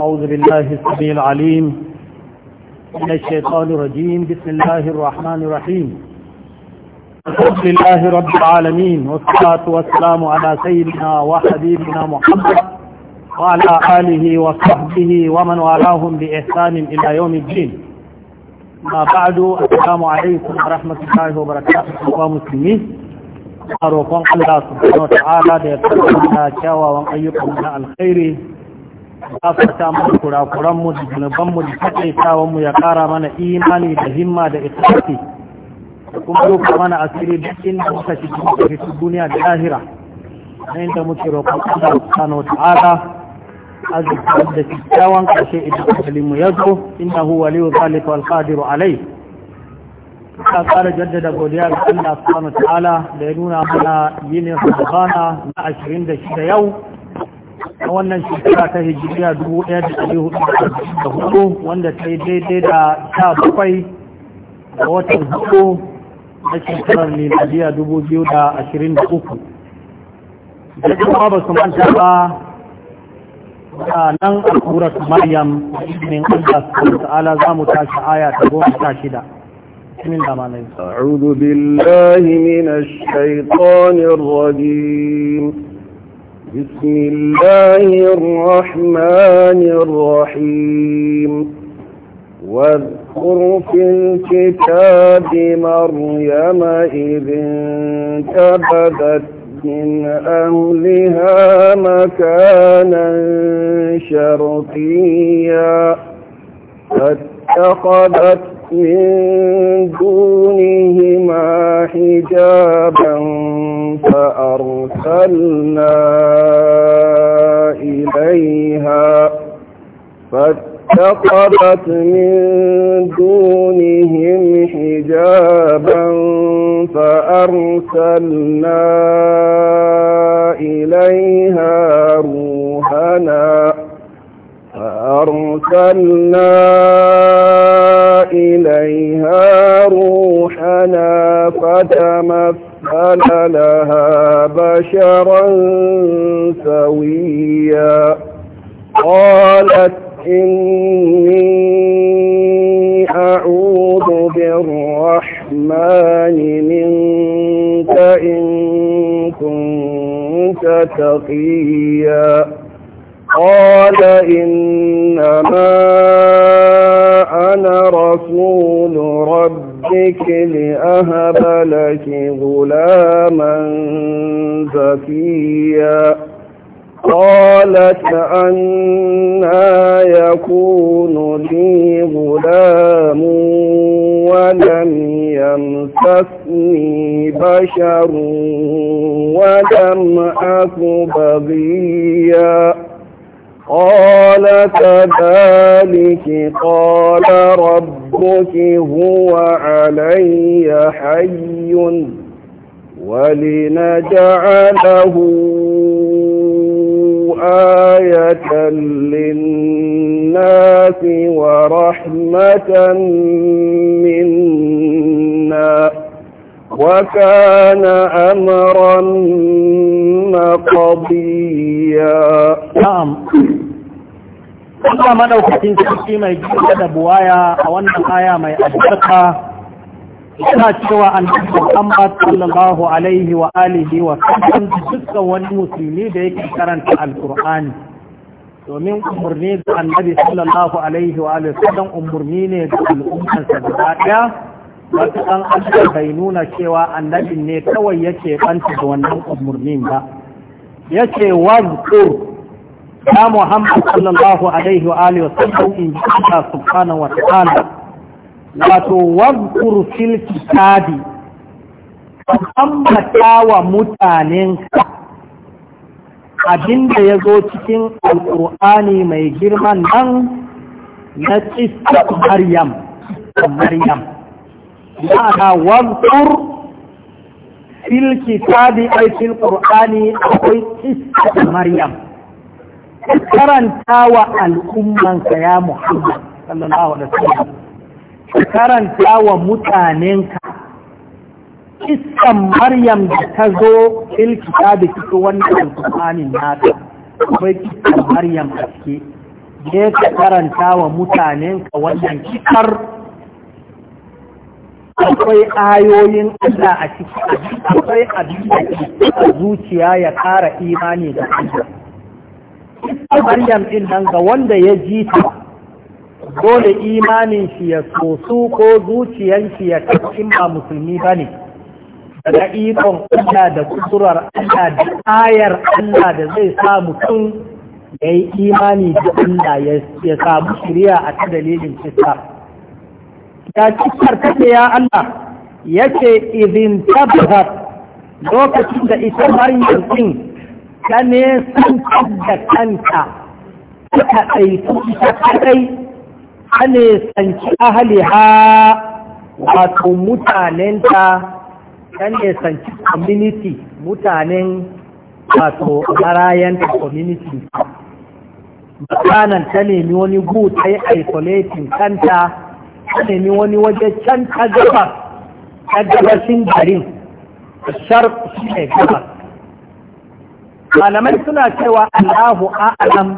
أعوذ بالله السميع العليم من الشيطان الرجيم بسم الله الرحمن الرحيم الحمد لله رب العالمين والصلاة والسلام على سيدنا وحبيبنا محمد وعلى آله وصحبه ومن والاهم بإحسان إلى يوم الدين ما بعد السلام عليكم ورحمة الله وبركاته أخوة المسلمين أروكم الله سبحانه وتعالى ليتقبل كاوى وأن أيكم من الخير gafarta mana kurakuran mu da zunuban mu da takaitawan mu ya kara mana imani da himma da ikhlasi da kuma roƙa mana asiri duk inda muka shi cikin fitu duniya da lahira na inda muke roƙon Allah subhanahu wa ta'ala azza da kyakkyawan kashe idan asali mu yazo hu waliyu zalika wal qadiru alai ta ƙara jaddada godiya ga Allah subhanahu wa ta'ala da ya nuna mana yinin Ramadana na shida yau na wannan shekara ta dubu da hudu wanda ta yi daidai da sha bakwai da watan hudu na shekarar miladiya biyu da ashirin da kuma ba su manta ba a nan a mariam maryam min allah su ta'ala za mu tashi aya ta goma sha shida أعوذ بالله من الشيطان الرجيم بسم الله الرحمن الرحيم واذكر في الكتاب مريم إذ انتبذت من أهلها مكانا شرقيا اتخذت من دونهما حجابا فأرسلنا إليها فاتخذت من دونهم حجابا فأرسلنا إليها روحنا أرسلنا إليها روحنا فتمثل لها بشرا سويا قالت إني أعوذ بالرحمن منك إن كنت تقيا قال إنما أنا رسول ربك لأهب لك غلاما زكيا قالت أنا يكون لي غلام ولم يمسسني بشر ولم أك بغيا قال كذلك قال ربك هو علي حي ولنجعله آية للناس ورحمة منا وكان أمرا مقضيا نعم Allah madaukakin sarki mai jirgin da buwaya a wannan aya mai albarka yana cewa an Muhammad sallallahu alaihi wa alihi wa sallam dukkan wani musulmi da yake karanta alkur'ani domin umarni da annabi sallallahu alaihi wa alihi sallam umarni ne ga al'ummar sa gaba daya wata an Allah bai nuna cewa annabin ne kawai yake kanta da wannan umarnin ba yace wazkur ya muhammad sallallahu alaihi wa alihi wasallam in ji Allah subhanahu wa ta'ala wato wadkur fil kitabi ambata wa mutanen abinda ya zo cikin alkur'ani mai girman nan na tsistar maryam maryam ma'ana wadkur fil kitabi ay fil qur'ani akwai isa maryam karanta wa al'ummanka ya muhammad sallallahu alaihi wasallam karanta wa mutanenka kissan maryam da ta zo ilkita da cikin wannan alƙur'anin nata akwai kissan maryam gaske je ka karanta wa mutanenka wannan kitar. akwai ayoyin Allah a ciki akwai abin da ke zuciya ya ƙara imani da Allah Maryam din nan ga wanda ya ji ta dole imanin shi ya soso ko zuciyar shi ya kashin ba musulmi ba ne daga ikon Allah da kusurar Allah da ayar Allah da zai sa mutum ya yi imani da Allah ya samu shirya a ta dalilin cikar. Ya cikar ne ya Allah ya ce izin tabbatar lokacin da ita Maryam din ka nesantar da kanta ka ɗaitu ita kaɗai ka ahali ha wato mutanenta ka nesanci community mutanen wato marayanta community makanan ta nemi wani gu ta yi isolating kanta ta nemi wani waje can ta gabar ta gabashin garin shar ne gabar malamai suna cewa allahu a'alam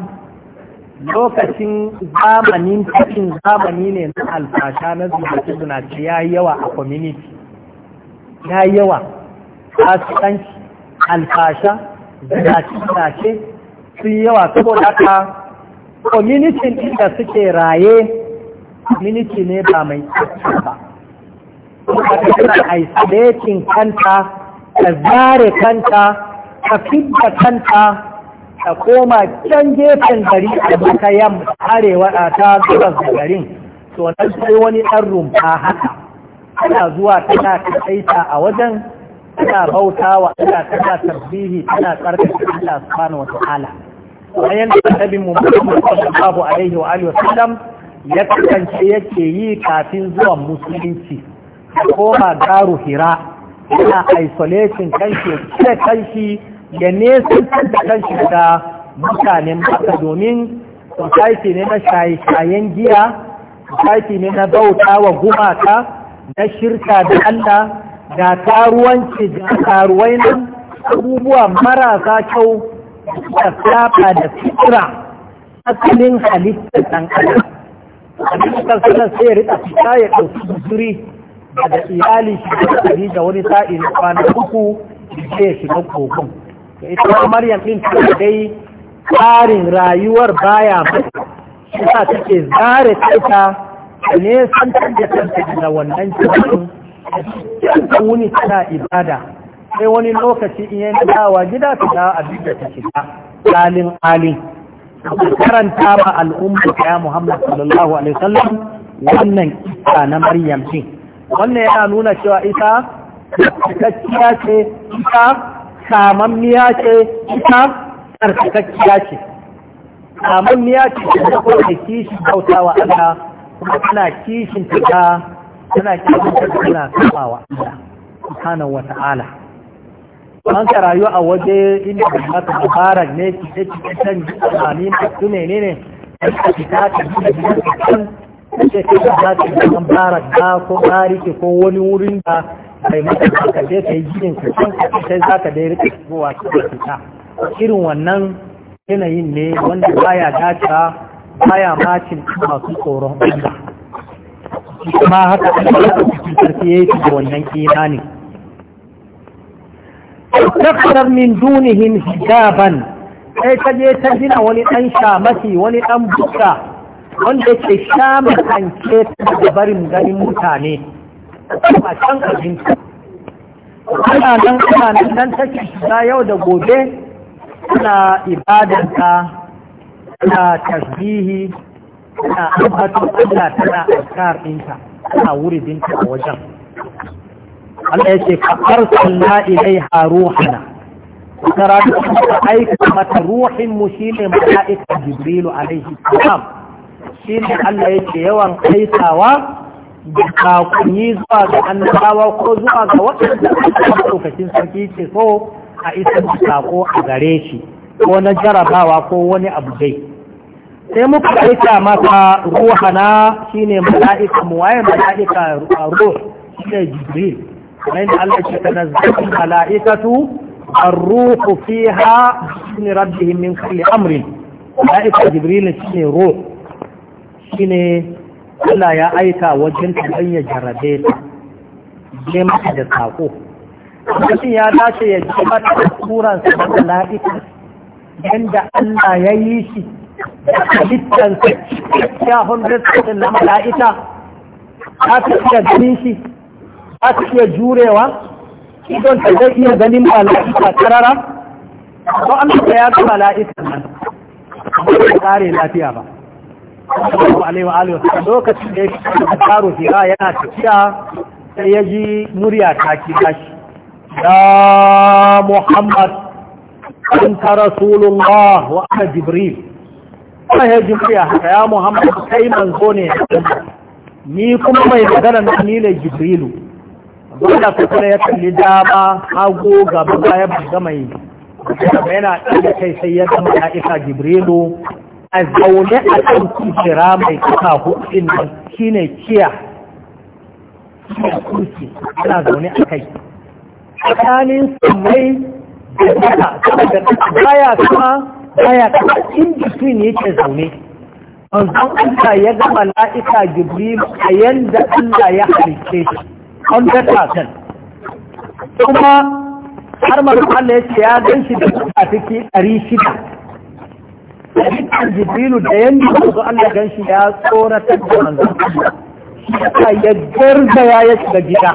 lokacin zamanin cikin zamani ne na alfasha na zubaci zunaci ya yi yawa a community ya yi yawa kasuwanci alfasha zunaci zunace sun yi yawa saboda haka community inda suke raye community ne ba mai tsarki ba kuma tana isolating kanta ka zare kanta ta fidda kanta ta koma can gefen gari a maka yamma arewa a ta gabas da garin to nan sai wani ɗan rumfa haka tana zuwa tana kaita a wajen tana bauta wa Allah tana tarbihi tana tsarkake Allah subhanahu wa ta'ala bayan da annabi Muhammad sallallahu alaihi wa alihi wasallam ya kasance yake yi kafin zuwan musulunci koma garu hira yana isolation kanshi ce kanshi ya nesantar da kan shi mutanen maka domin sosaiti ne na shaye-shayen giya sosaiti ne na bauta wa gumaka na shirka da Allah da karuwanci da karuwai nan abubuwa marasa kyau da saba da fitira asalin halittar ɗan adam halittar sanar sai ya rika fita ya ɗauki zuri da iyali shi da wani sa'in kwanan uku da ya shiga kogon ita maryam din ta dai tsarin rayuwar baya mata shi ta take zare ta ne san da kanta da wannan cikin ta wuni tana ibada sai wani lokaci in yana dawa gida ta dawa abin da ta shiga halin halin karanta ma al'umma ya Muhammad sallallahu alaihi wasallam wannan ita na Maryam din wannan yana nuna cewa ita cikakkiya ce ita kamammiya ce ita tsarkakakkiya ce kamammiya ce da kuma da kishin bauta wa Allah kuma tana kishin ta tana kishin ta tana kama wa Allah subhanahu wa ta'ala an ka rayuwa a waje inda da mata mubarak ne ki ce ki san amani ma su ne ne ta ki ta ta da kan ce ki ta ta mubarak da ko bariki ko wani wurin da bai maka ka je ka yi gidin ka can ka sai za ka dai rika shigowa cikin fita irin wannan yanayin ne wanda baya dacewa baya macin masu tsoron Allah kuma haka Allah cikin sarki da wannan imani takfar min dunihim hijaban sai ka je ta gina wani dan shamasi wani dan buka wanda ke shamakance ta da barin ganin mutane a can ana nan ana nan nan take shiga yau da gobe ana ibadanta ana tasbihi ana ambaton Allah tana askar ɗinta ana wuridinta a wajen Allah ya ce ka arsalna ilaiha ruhana karatu aika mata ruhin mu shine mala'ika jibrilu alaihi salam shine Allah ya ce yawan aikawa da kakuni zuwa ga annabawa ko zuwa ga waɗanda a lokacin sarki ce so a isa da sako a gare shi ko na jarabawa ko wani abu dai sai muka aika masa ruhana shine mala'ika mu waye mala'ika ruwa shine jibril Wani da Allah ya tanazzal mala'ikatu الروح فيها بإذن ربهم من كل أمر ملائكة جبريل شيني روح شيني Allah ya aika wajen kaɗan ya jarabe ta je mata da sako mutum ya dace ya ji mata da sa da mala'ika yadda Allah ya yi shi da sa ya hundar sassan na mala'ika ta fi iya ganin shi za ta iya jurewa idon ta zai iya ganin mala'ika karara ko an ya ga mala'ika nan ba ta kare lafiya ba sallallahu alaihi wa alihi wasallam lokacin da yake karo hira yana tafiya sai ya ji murya ta ki shi ya muhammad anta rasulullah wa ana jibril sai ya ji murya haka ya muhammad kai manzo ne ni kuma mai magana na ni ne jibrilu wanda kula ya kalli dama hagu gaba baya ba ga mai yana ɗaga kai sai ya zama ya isa jibrilu a zaune a kan kujera mai kuka hudun da shi ne kiya kurki ana zaune a kai tsakanin samai da kasa saboda baya kama baya kama in between yake zaune manzon Allah ya gama la'ika Jibril a yanda Allah ya halice shi on the kuma har manzon Allah ya ce ya gan shi da kafiki 600 hadisin jibrilu da yanda manzo Allah shi ya tsoratar da manzo Allah ya garzaya ya shiga gida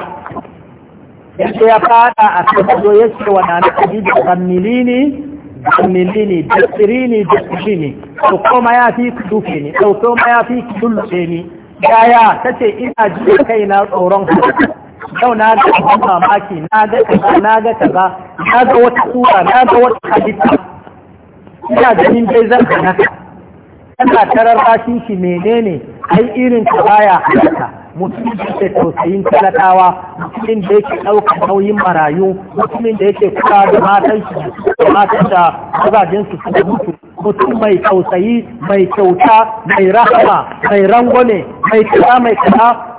yadda ya fada a zo ya ce wa nana da kammili ne kammili ne tsiri ne tsiri ne to koma ya fi ku dufe ne to koma ya fi ku dulce ne yaya ce ina ji kai na tsoron ku yau na ga mamaki na ga kaza na ga kaza na ga wata sura na ga wata hadisi ina ganin dai zan haka ana tarar bashin shi menene ai irin ta baya haka mutumin da ke tausayin talakawa mutumin da yake ɗaukar nauyin marayu mutumin da yake kula da matan shi da matan da mazajen su suka mutu mutum mai tausayi mai kyauta mai rahama mai rangwame mai kisa mai kasa.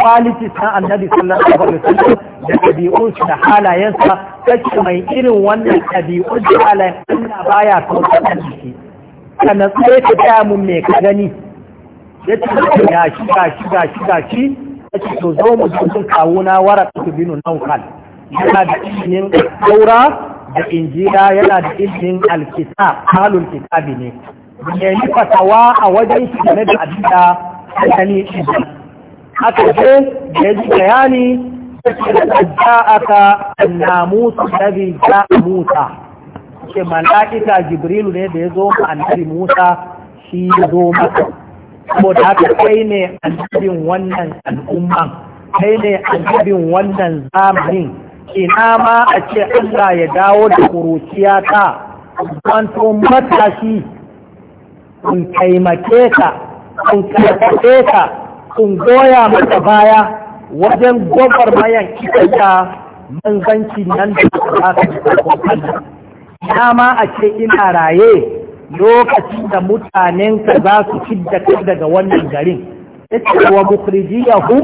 kwaliti san annabi sallallahu alaihi wasallam da ɗabi'un shi da halayensa kace mai irin wannan ɗabi'un da halayen Allah baya son sanar da shi kana tsaye ka tsaya mun me ka gani ya ce ya shiga shiga shiga shi ga to zo mu jin kawo na wara ta binu yana da ilimin daura da injira yana da ilmin alkitab halul kitabi ne ne ni fatawa a wajen shi game da abinda da shi aka ce da ya ji bayani ja'aka da bi ja Musa ke malaika Jibrilu ne da ya zo ma annabi Musa shi ya zo maka saboda haka kai ne annabin wannan al'umman kai ne annabin wannan zamanin ina ma a ce Allah ya dawo da kuruciya ta kwanto matashi kun taimake ka kun karfafe ka in goya mata baya wajen gobar mayan kika manzanci nan da za ka na ma a ce ina raye Lokaci da mutanen ka za su cidda kai daga wannan garin yace wa hu?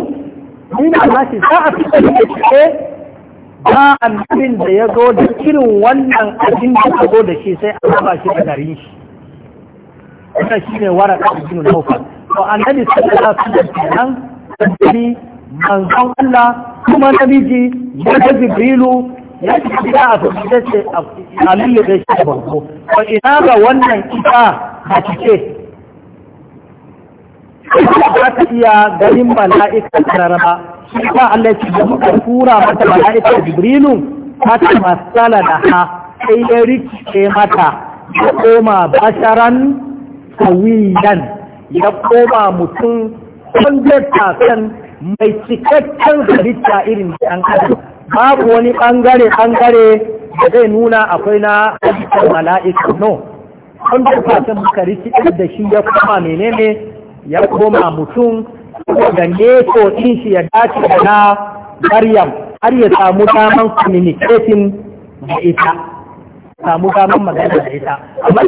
Ni ma shi za a fita da ke ba annabin da ya zo da kirin wannan abin da ka zo da shi sai a raba shi da garin shi wannan shine waraka ibn nawfal to annabi sallallahu alaihi wasallam tabbari manzon Allah kuma namiji ya ga jibrilu ya ci gida a da ce a da shi da banko to ina ga wannan ita a cike ba ka iya ganin mala'ika tararama shi ba Allah ci da muka tura mata mala'ika jibrilu ta ta masala da ha sai ya rikice mata ya koma basharan kawiyan ya koma mutum 100% mai cikakken halitta irin ɗan Ba babu wani ɓangare bangare da zai nuna akwai na halittar mala'ika no 100% muka rikidar da shi ya koma menene ya koma mutum da neto ɗin shi ya dace da na Maryam har ya samu daman communicating da ita samu damar magana da ita amma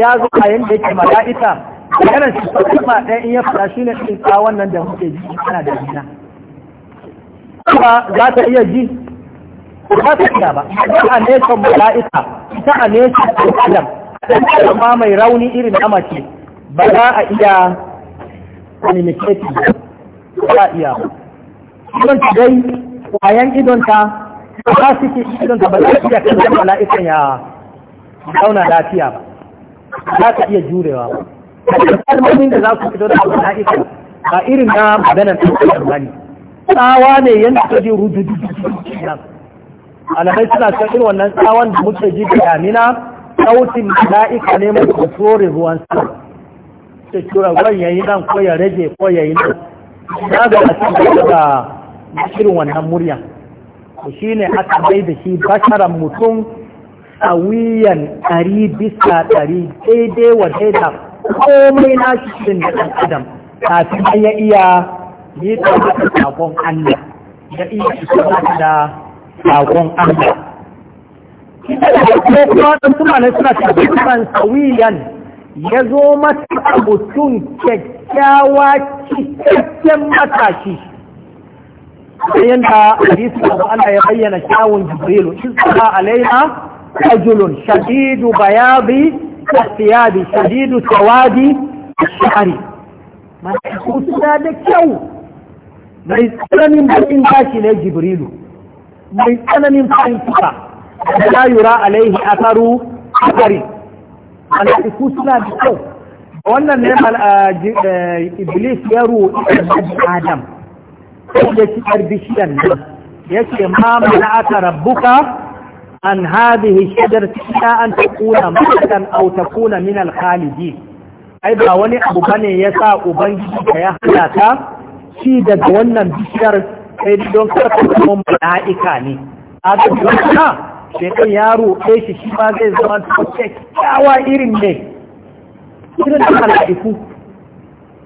ya zo a yanda yake mala'ika maganar shi ko kuma ɗaya in ya fada shi ne cikin tsawon nan da muke ji ana da jina kuma za ta iya ji ba ta iya ba ita a nesan mala'ika ita a nesa adam adam kuma mai rauni irin na mace ba za a iya communicating ba za a iya ba. Idan ta dai kwayan idonta ba su ke idonta ba za su iya kan mala'ikan ya zauna lafiya ba za ka iya jurewa ba kalmomin da za ku fito da abu na ba irin na maganar ɗaukar ba ne tsawa ne yadda ta je rududu alamai suna son irin wannan tsawon da muke ji da damina sautin mala'ika ne mai kusurin ruwan sama ta cura ruwan yayi nan ko ya rage ko yi nan na ga cikin da irin wannan muryan Mu shine aka bai da shi basharan mutum tsawiyan ɗari bisa ɗari daidai wa daida komai na shi cikin da ɗan adam kafin an ya iya yi da sakon Allah ya iya tsawatar da sakon Allah. Ita da ko kuma ɗan suna ne suna tabbatar tsawiyan ya zo masu abutun kyakkyawa cikakken matashi sai da hadisi Abu Allah ya bayyana kyawun jibrilu in sara alaina رجل شديد بياض الثياب شديد سواد الشعر ما تقول هذا كيو ما يتسلم بالإنتاج إلى جبريل ما ما فانتقى لا يرى عليه أثر أثر ما آه، آه، يقول هذا كيو وانا نعم إبليس يرو roƙi adam ya ci bishiyar nan ya ce an hadhihi shajarati illa an takuna malakan ta kuna min al-khalidin ai ba wani abu bane sa ubangiji ka ya halata shi daga wannan bishiyar sai don karka zama mala'ika ne a ga shekai yaro ɗaya shi shi ba zai zama kyakkyawa irin ne irin na mala'iku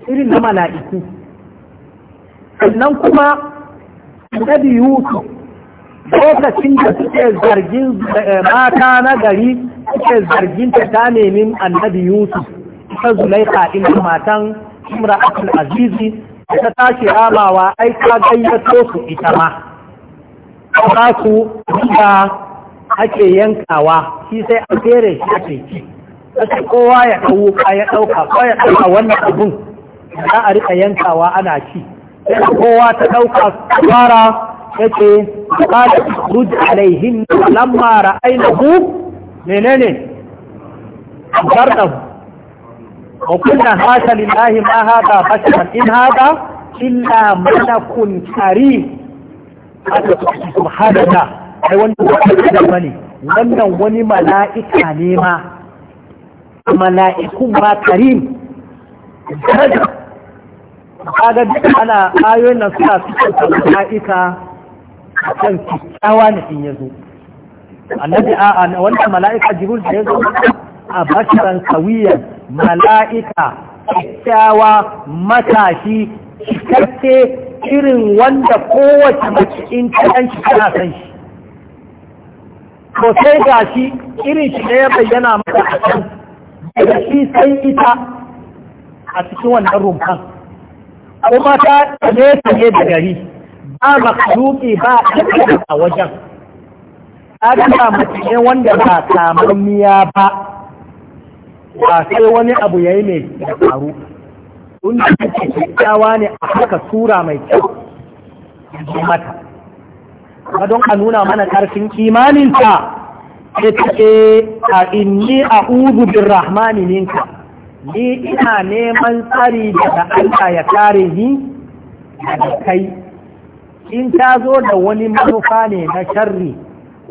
irin na mala'iku sannan kuma annabi yusuf lokacin da suke zargin eh, mata na gari suke zargin ta ta nemin annabi yusuf ta ɗin da matan umra abul azizi ta tashi ramawa ai ka gayyato su ita ma ta su da ake yankawa shi sai a fere shi ake ci ce kowa ya ɗauka ya ɗauka ko ya ɗauka wannan abun za a riƙa yankawa ana ci sai kowa ta ɗauka fara yace qala ruj alaihin lamma ra'aynahu menene bardahu wa kunna hasa lillahi ma hada basharan in hada illa malakun karim subhanallah ai wannan da bane wannan wani mala'ika ne ma mala'ikun ma karim kaga ana ayoyin nan suna cikin mala'ika kan kyakkyawa ne in ya zo annabi a wannan mala'ika jibril da ya zo a bashiran kawiyan mala'ika kyakkyawa matashi cikakke irin wanda kowace mace in ta shi tana san shi to sai ga shi irin shi ne ya bayyana mata a can daga shi sai ita a cikin wannan rumfan kuma ta ne ta da gari ba makaruki ba a wajen ba mace ne wanda ba kamammiya ba ba sai wani abu ya yi mai da faru tunda take kyakkyawa ne a haka sura mai kyau mata ba don a nuna mana karfin imaninta da take a inni a uzu bin rahmani ninka ni ina neman tsari daga Allah ya kare ni daga kai in ta zo da wani manufa ne na sharri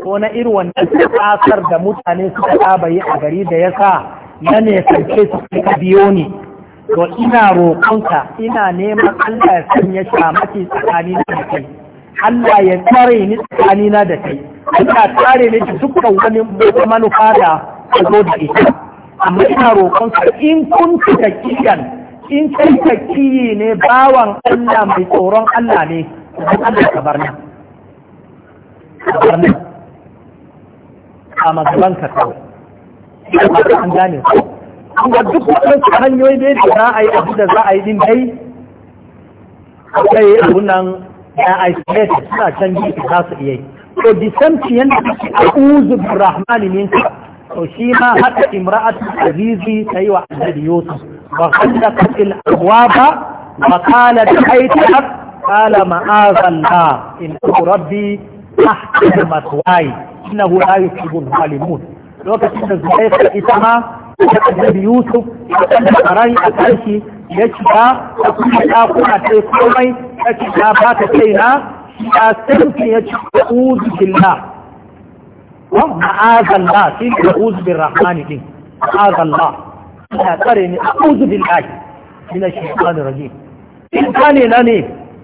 ko na iri wannan kasar da mutane suka saba a gari da ya sa na ne sarki su suka biyo ni to ina roƙonka ina neman Allah ya sanya shamaki tsakani na da kai Allah ya tsare ni tsakani na da kai Allah tsare ni da dukkan wani manufa da ta zo da ita amma ina roƙonka in kun ta kiyan in kai ta kiyi ne bawan Allah mai tsoron Allah ne dan Allah ka bar nan ka bar nan a magaban ka an gane ku kuma duk wasu hanyoyi da yadda za a yi abu da za a yi din dai akwai abu nan ya isolate suna can gefe za su iya yi to the same a yanda kake a'udhu birrahmani minka to shi ma haka imra'atu azizi ta yi wa annabi yusuf wa khallaqa al abwaba wa qalat haytaka kala ma'azalla in ku rabbi ahkar matwai ina hu la yusibul zalimun lokacin da zuwaifa ita ma ta kajabi yusuf ya san da karai a karshi ya shiga ta ta kuna ta yi komai ta ta kai na ya sarki ya ci ku'uzu billah wan ma'azalla shi ne ku'uzu bin rahmani ina tsare ni a ku'uzu ina shi ne rage in kane na ne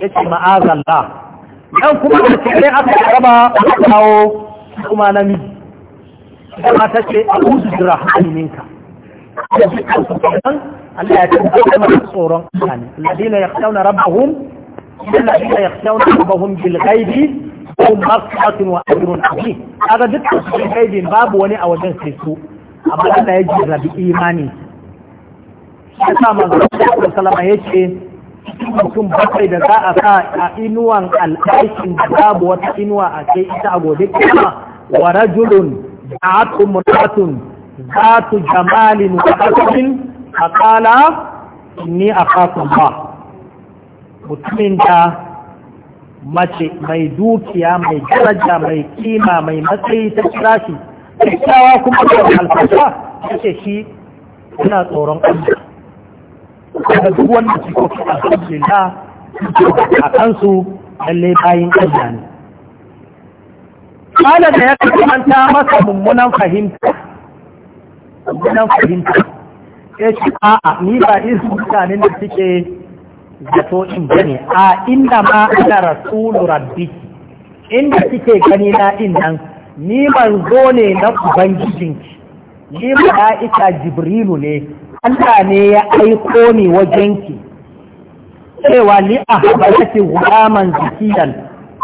ya ce ma'azallah yan kuma da cikin aka raba a kawo kuma namiji kuma ta ce a kusa jira haliminka da su kan sukanan Allah ya ce a kuma tsoron kane ladina ya kyauna rabahum ladina ya kyauna rabahum bil gaibi ko maksatun wa ajrun azim kaga dukkan su gaibin babu wani a wajen sai su amma Allah ya ji rabi imani sai sa manzo sallallahu alaihi wasallam yace mutum bakwai da za a sa a inuwan al'aikin babu wata inuwa a ce ita a gobe kuma wa rajulun da'atu mutatun zatu jamalin wa hasanin ne ni akafun ba mutumin da mace mai dukiya mai daraja mai kima mai matsayi ta kira shi kyakkyawa kuma da alfasa ta ce shi suna tsoron Allah daga duk wanda suke alhamdulillah a kansu lallai bayin Allah ne kala da ya ta masa mummunan fahimta mummunan fahimta ya ce a'a ni ba irin mutanen da suke zato in bane a inda ma ana rasulu rabbi inda suke gani na din nan ni manzo ne na ubangijinki ni mala'ika jibrilu ne Allah ne ya aiko ni wajen wajenki cewa ni a habarati gulaman zikiyan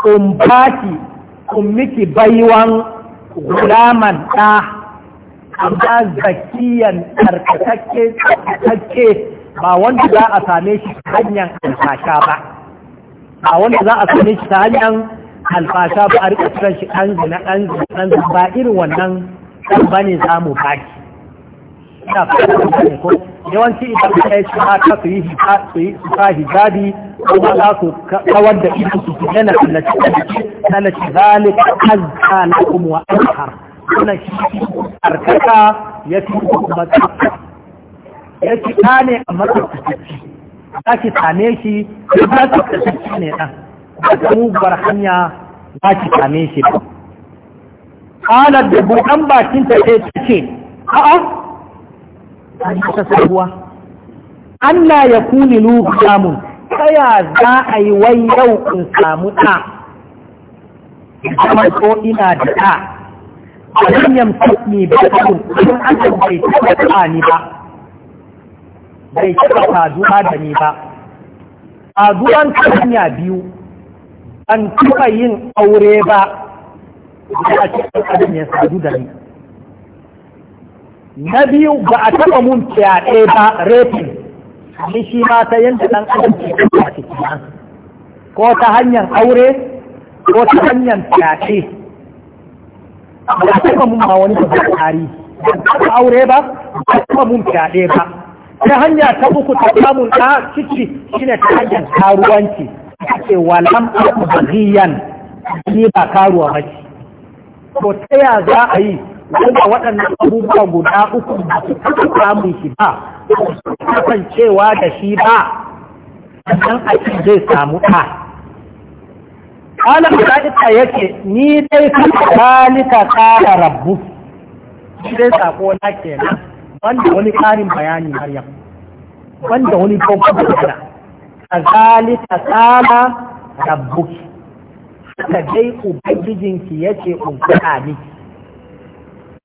in ki in miki baiwan gulaman ɗa amma zakiyan karkatakke tsarkatakke ba wanda za a same shi ta hanyar alfasha ba ba wanda za a same shi ta hanyar alfasha ba a shi ɗan zina ɗan zina ba irin wannan ɗan ne za mu baki ina fata ne ko yawanci idan ka yi shiga ka su yi sa hijabi kuma za su kawar da idan su su yana tallace tallace zalik azza lakum wa azhar wannan shi arkaka ya fi kuma ya ci ne a matsakaci za ki same shi Ya za ki kasance ne ɗan da muguwar hanya za ki same shi ba. Halar da buɗan bakin ta ce ta ce, a'a ta sabuwa Allah ya kuni lukamun taya za a yi wai yau in samu ɗa kuma ko ina da ɗa a hanyar sassani ba ta kun kun aka bai taɓa ni ba bai taɓa saduwa da ni ba saduwan ta hanya biyu an taɓa yin aure ba a cikin abin ya sadu da ni na biyu ba a taɓa mun fyaɗe ba refin ni shi ma ta yanda ɗan adam ke a cikin ko ta hanyar aure ko ta hanyar fyaɗe ba a taɓa mun ma wani babban tarihi ba taɓa aure ba ba taɓa mun fyaɗe ba ta hanya ta uku ta samun ɗa ciki shine ta hanyar karuwanci ake walam abu ba ni ba karuwa ba ce to ta ya za a yi wanda waɗannan abubuwa guda uku da suka taɓa samun shi ba kasancewa da shi ba sannan a cikin zai samu ta ƙala mala'ika yake ni dai kuma kalika kara rabbu shi dai sako na kenan wanda wani ƙarin bayani maryam wanda wani babban magana kalika kara rabbu haka dai ubangijinki yake ubangiji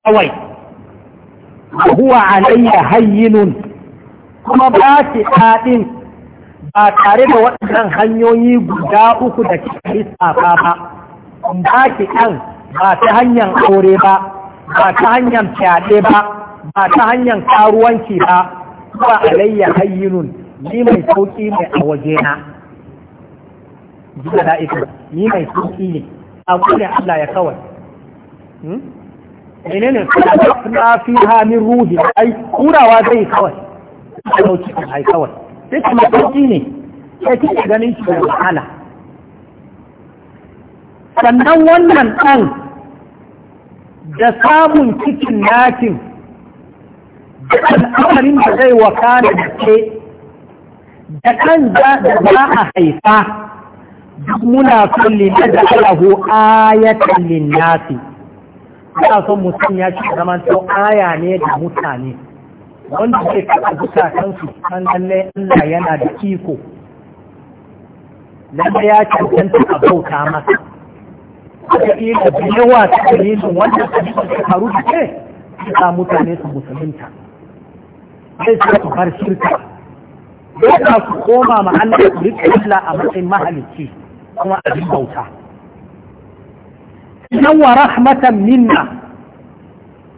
kawai huwa alayya hayyinun kuma ba shi ɗaɗin ba tare da waɗannan hanyoyi guda uku da kika lissafa ba in ba shi ɗan ba ta hanyar aure ba ba ta hanyar fyaɗe ba ba ta hanyar karuwanci ba huwa alayya hayyinun ni mai sauƙi ne a waje na ji da ni mai sauƙi ne a kudin Allah ya kawai hmm? menene na fi hamin ruhi ai kurawa zai kawai a dauki ai kawai sai kuma sauki ne sai kike ganin shi da wahala sannan wannan ɗan da samun cikin nakin da al'amarin da zai wakana da ke da kan da za a haifa duk muna kulli da alahu ayatan linnasi ana son mutum ya ci zama to aya ne da mutane wanda ke kaɗa zukatansu kan lalle Allah yana da iko lalle ya cancanta a bauta masa aka iya da yawa ta dalilin wanda ta ji faru da ke sa mutane su musulunta sai su su bar shirka sai su koma ma da su Allah a matsayin mahalicci kuma a bauta. nan rahmatan minna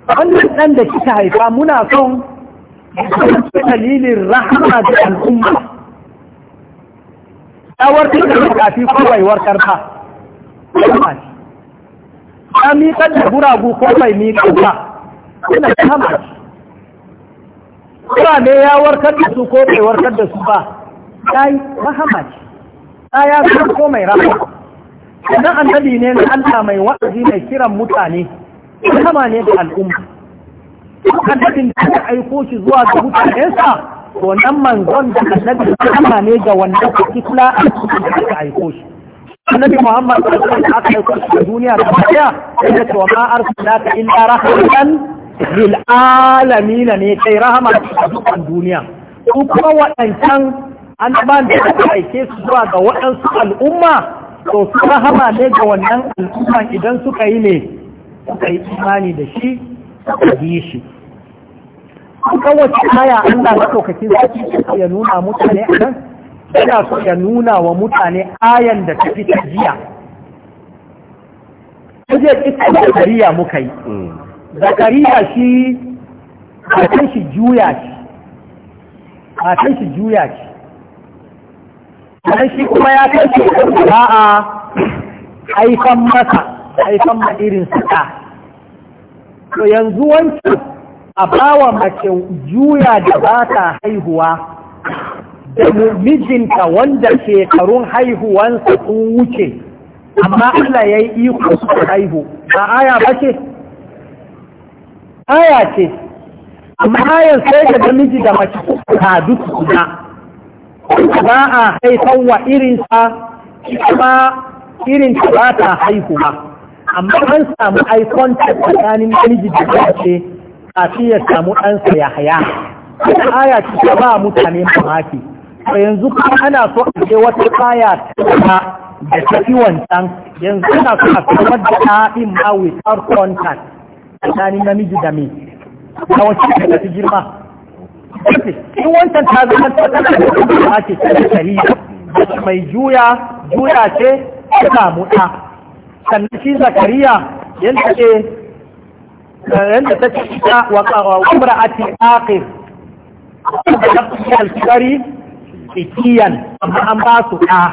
wannan ɗan da kika haifa muna son dalilin rahama da al'umma ta yi da ko kawai warkar ta ta miƙar da guragu ko kawai miƙar ta suna kama ne ya warkar da su ko bai warkar da su ba ta yi rahama ta ya ko mai rahama wannan annabi ne na Allah mai wa'azi mai kiran mutane kama ne da al'umma annabin da aka aiko shi zuwa ga mutanensa wannan manzon da annabi kama ne ga wannan kitla da aka aiko shi annabi Muhammad sallallahu alaihi wasallam aka aiko shi duniya da ta daya da cewa ma arsalaka illa rahmatan lil alamin ne kai rahama a dukkan duniya ko kuma wadancan an ban da aka aike su zuwa ga waɗansu al'umma to su rahama ne ga wannan al'umma idan suka yi ne suka yi imani da shi suka yi shi suka wace aya Allah na ɗaukakin sarki ya nuna mutane a nan suna so ya nuna wa mutane ayan da ta fi tajiya kuje ita zakariya muka yi mm. zakariya shi matan shi juya shi matan shi juya shi dan shi kuma ya kace ba a haifan masa haifan ma irin suka to yanzu wancan a bawa mace juya da ba ta haihuwa da mijinta wanda shekarun haihuwansa sun wuce amma Allah ya yi iko su haihu ba aya ba ce? aya ce amma ayan sai da namiji da mace ta duk guda ba a haifan wa irinsa kuma irinsa ba ta haihuwa amma an samu aikon tsakanin namiji da mace kafin ya samu ɗansa ya haya wata aya ce ta ba mutane mamaki to yanzu kuma ana so a ce wata aya ta da ta fi wancan yanzu ana so a samar da ɗa'in ma without kwanta tsakanin namiji da mai ta wacce ta fi girma in wancan ta zama tana da kuma ake cikin shari'a mai juya juya ce ta samu sannan shi zakariya yadda ce yadda ta ce ita wa umra ati akhir da alkari ikiyan amma an ba su ɗa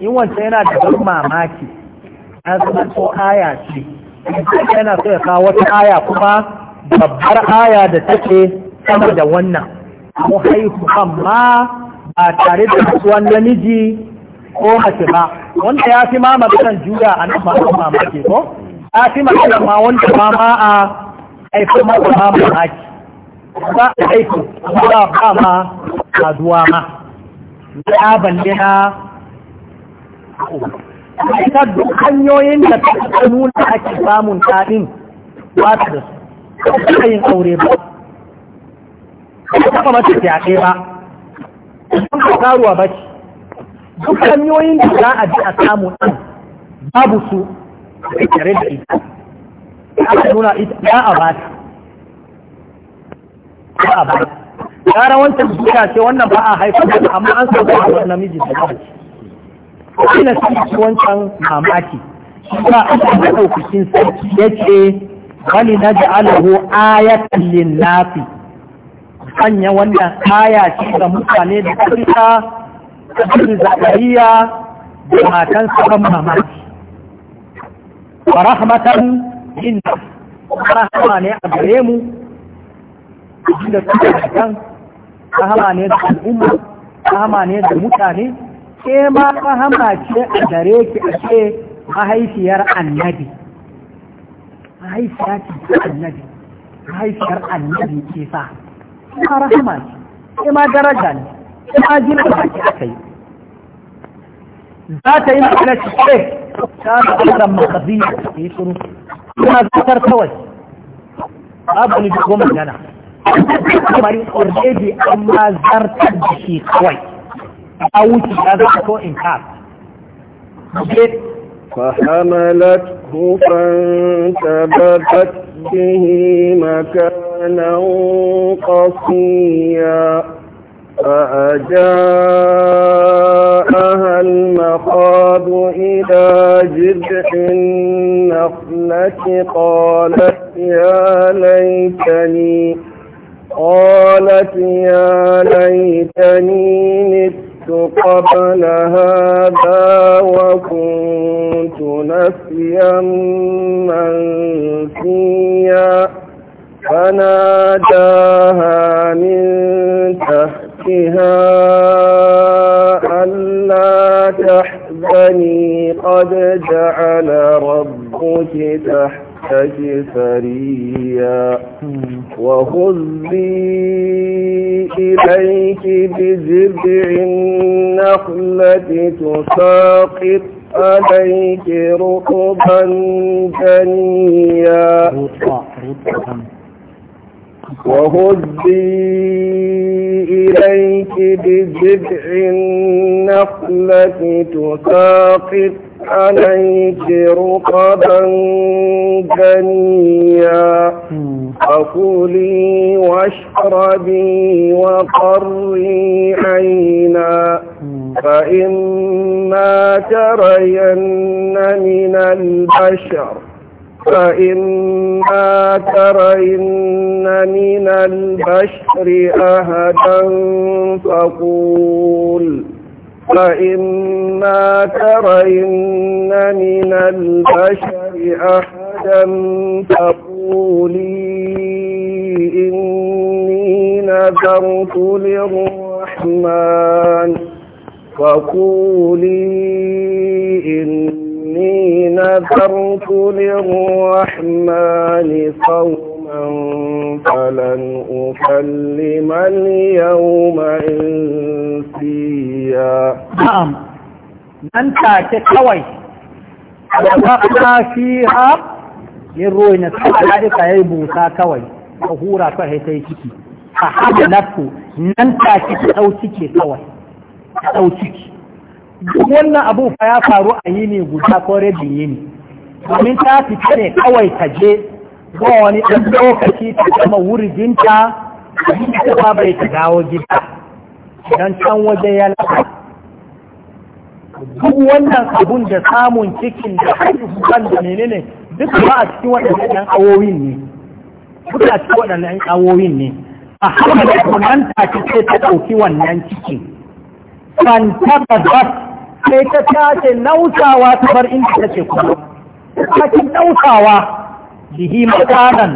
in wancan yana da ban mamaki Ya zama ko aya ce yana so ya kawo wata aya kuma babbar aya da take sama da wannan mu haihu amma ba tare da kasuwan namiji ko mace ba wanda ya fi ma maganar juya a nan masu mamaki ko ya fi maganar ma wanda ba ma a haifar masa ma mamaki ba a haifu ba ba ma kaduwa ma ya balle na ita duk hanyoyin da ta nuna ake samun taɗin ba ta da su ba ta yin aure ba ba taɓa mace fyaɗe ba ba karuwa ba ce duk hanyoyin da za a bi a samu ɗan babu su da tare da ita aka nuna ita ya a ba ta ya a ba ta gara wancan zuciya ce wannan ba a haifar da amma an samu a wani namiji da ba ce ina sun wancan mamaki shi ba a ɗaukakin sarki ya ce wani na ji alahu ayatan linnafi sanya wannan kaya ce ga mutane da kanta da zakariya da matan saban mamaki wa rahmatan inna rahama ne a gare mu da kuka kan rahama ne da al'umma rahama ne da mutane ke ma rahama ce a gare ki a ce mahaifiyar annabi mahaifiya annabi mahaifiyar annabi ke sa. ma rahama ce ma daraja ne ma girma ce aka yi za ta yi magana ce ta da Allah makabiya ta yi shuru kuma zatar kawai babu ni duk magana kamar already an ma zartar da shi kawai a wuce ta zata ko in ka فحملته فانتبذت به مكانا مَعْنًا قَصِيًّا فأجاءها المخاض إلى جذع النخلة قالت يا ليتني قالت يا ليتني مت قبل هذا وكنت نسيا منسيا فناداها من تحتها ألا تحزني قد جعل ربك تحتك سريا وخذي إليك بزرع النخلة تساقط عليك رطبا جنيا رطبا رطبا وهزي إليك بجذع النخلة تساقط عليك رقبا جنيا فكلي واشربي وقري عينا فإما ترين من البشر فإما ترين من البشر أهدا فقول فإما ترين من البشر أحدا فقولي إني نذرت للرحمن فقولي إني إني نذرت للرحمن صوما فلن أكلم اليوم إنسيا نعم أنت تكوي وقفنا فيها من روينة فلائك يبوسا كوي وهورا فهيتيكي فحملته ننتا كتاو تيكي كوي تاو تيكي duk wannan abu fa ya faru a yini guda ko rabin yini domin ta fita ne kawai ta je zuwa wani ɗan lokaci ta zama wurginta ta ba bai ta dawo gida don can waje ya lafa duk wannan abun da samun cikin da haihuwan da menene duk ba a cikin waɗannan ɗan awowin ne duk a cikin waɗannan ɗan awowin ne a da kunan ta ce ta ɗauki wannan cikin ba sai ta tace nausawa ta bar inda take ce kuma take ɗaukawa bihi makanan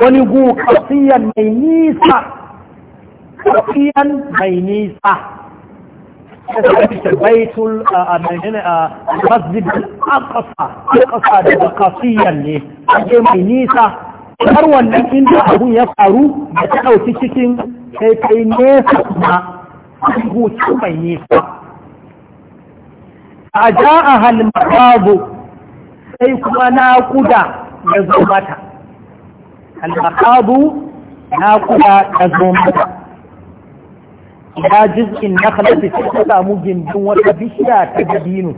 wani gu kasiyan mai nisa kasiyan mai nisa baitul a masjid al-aqsa al-aqsa da kasiyan ne ake mai nisa har wannan inda abun ya faru da ta ɗauki cikin kai kai nesa na gu mai nisa a ja'aha al-maqabu sai kuma naƙuda ya zo mata al na naƙuda ya zo mata ila na nakhlati sai ta samu gindin wata bishiya ta dabino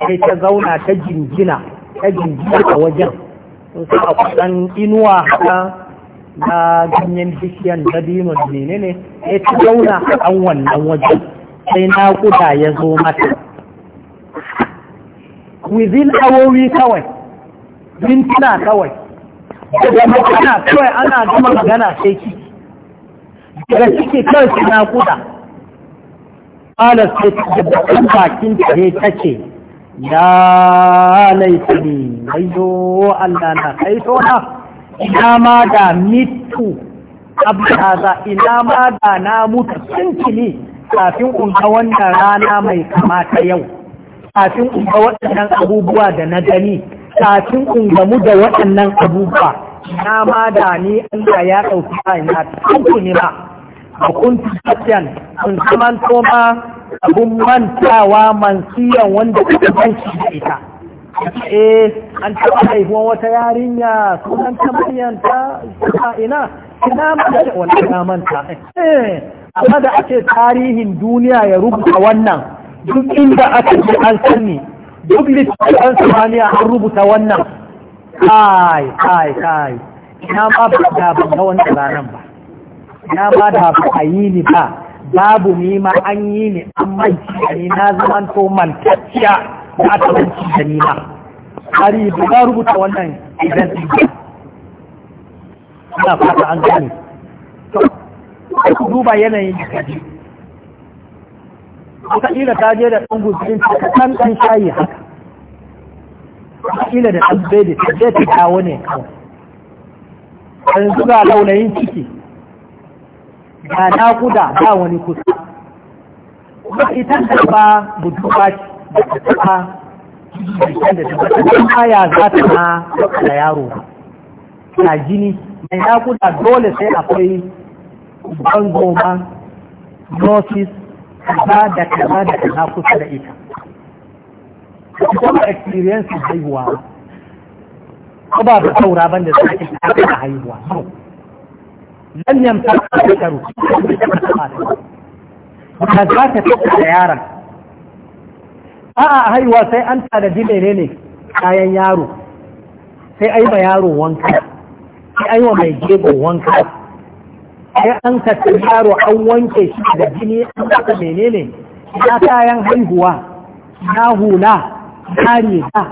sai ta zauna ta jingina ta jingina a wajen sun sa a kusan inuwa haka na ganyen bishiyan dabino menene sai ta zauna a wannan wajen sai naƙuda ya zo mata within awowi kawai mintuna kawai daga magana kawai ana gama magana sai ki daga ciki kawai su naƙuda ƙalar sai ta jabbatar bakin ta ne ta ce ya laifini wayo allah na kai na ina ma da mitu abu ina ma da na mutu cinkini kafin in wannan rana mai kamata yau kafin in ga waɗannan abubuwa da na gani kafin in gamu da waɗannan abubuwa na ma da ni Allah ya ɗauki a ina tuntu ni ma a kuntu tafiyan in zaman ma abun mantawa mansiyan wanda kuka shi da ita eh an taɓa haihuwan wata yarinya sunan ta manyan ta ina ina mace wani na manta eh amma da ake tarihin duniya ya rubuta wannan duk inda aka ce an sani duk littafi an samaniya an rubuta wannan kai kai kai ina ma ba da ban ga wannan ranar ba ina ma da ba a yi ni ba babu ni ma an yi ni an manci da ni na zaman to mantacciya da aka manci da ni ma hari ba na rubuta wannan idan ina fata an gani. to ku duba yanayin da kaji wataƙila ta je da ɗan guzurin ta ɗan ɗan shayi haka wataƙila da ɗan bedi ta je ta kawo ne kawai yanzu ga launayin ciki ga naƙuda ba wani kusa kuma ita da ba ba ci da ta taɓa jikin da ta ta ɗan baya za ta na da yaro ba, na jini mai naƙuda dole sai akwai ban goma notice kaza da kaza da na kusa da ita ita ba experience haihuwa ko ba da saura ban da sake ta haihuwa lan yamta ta karu ka za ta tafi da yaron a'a haihuwa sai an tanadi ne ne kayan yaro sai ai ma yaro wanka sai ai wa mai gebo wanka ai an kasa yaro an wanke shi da jini an kasa menene na kayan haihuwa na hula na riga